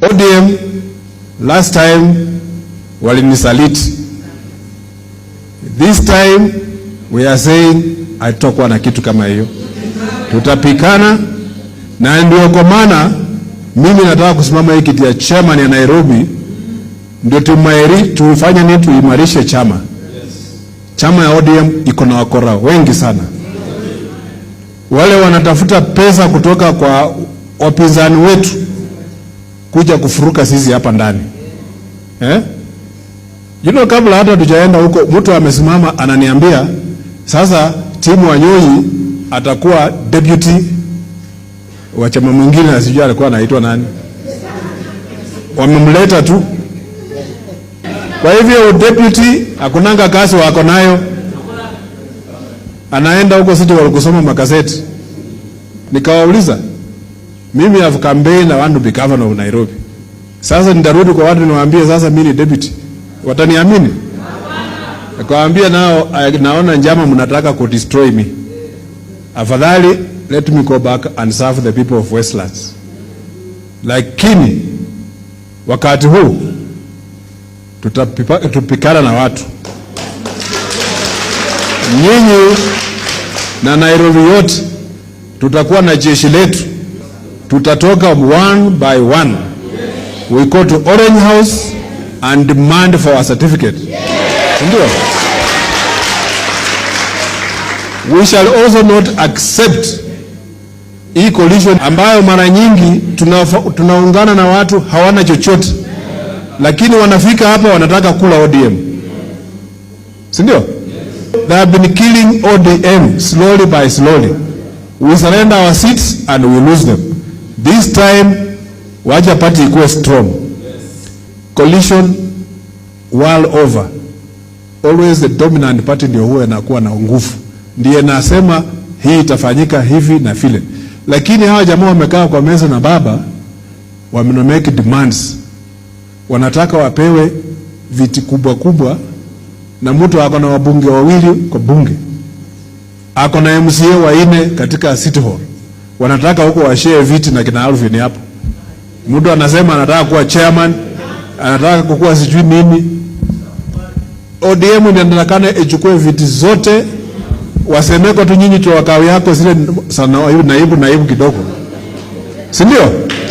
ODM last time walinisaliti, this time we are saying atokwa na kitu kama hiyo, tutapikana na ndio kwa maana mimi nataka kusimama hii kiti ya chairman ya Nairobi, ndio tufanye nini? Tuimarishe chama. Chama ya ODM iko na wakora wengi sana, wale wanatafuta pesa kutoka kwa wapinzani wetu kuja kufuruka sisi hapa ndani eh? You know, kabla hata tujaenda huko mtu amesimama ananiambia sasa Timu Wanyonyi atakuwa deputy wa chama mwingine, na sijui alikuwa anaitwa nani, wamemleta tu. Kwa hivyo deputy akunanga kazi wako nayo, anaenda huko sisi walikusoma makaseti. Nikawauliza mimi have campaign, I want to be governor of Nairobi. Sasa nitarudi kwa watu niwaambie sasa mimi ni deputy. Wataniamini? Nikawaambia nao naona njama mnataka ku destroy me. Afadhali let me go back and serve the people of Westlands. Lakini wakati huu tutapikana na watu nyinyi na Nairobi yote, tutakuwa na jeshi letu tutatoka one by one. We go to Orange House and demand for our certificate. Yes. Ndio. We shall also not accept hii collision ambayo mara nyingi tunaungana na watu hawana chochote, lakini wanafika hapa wanataka kula ODM, sindio They have been killing ODM slowly by slowly. We surrender our seats and we lose them. This time wacha party ikuwe strong. Coalition world over, always the dominant party ndio huwa inakuwa na nguvu, ndiye nasema hii itafanyika hivi na vile, lakini hawa jamaa wamekaa kwa meza na baba wame make demands, wanataka wapewe viti kubwa kubwa, na mtu ako na wabunge wawili kwa bunge, ako na MCA waine katika city hall wanataka huko washare viti na kina Alvin hapo. Mtu anasema anataka kuwa chairman, anataka kukuwa sijui nini. ODM inatakana ichukue viti zote, wasemeko tu nyinyi tu wakao yako zile sana naibu naibu kidogo, si ndio?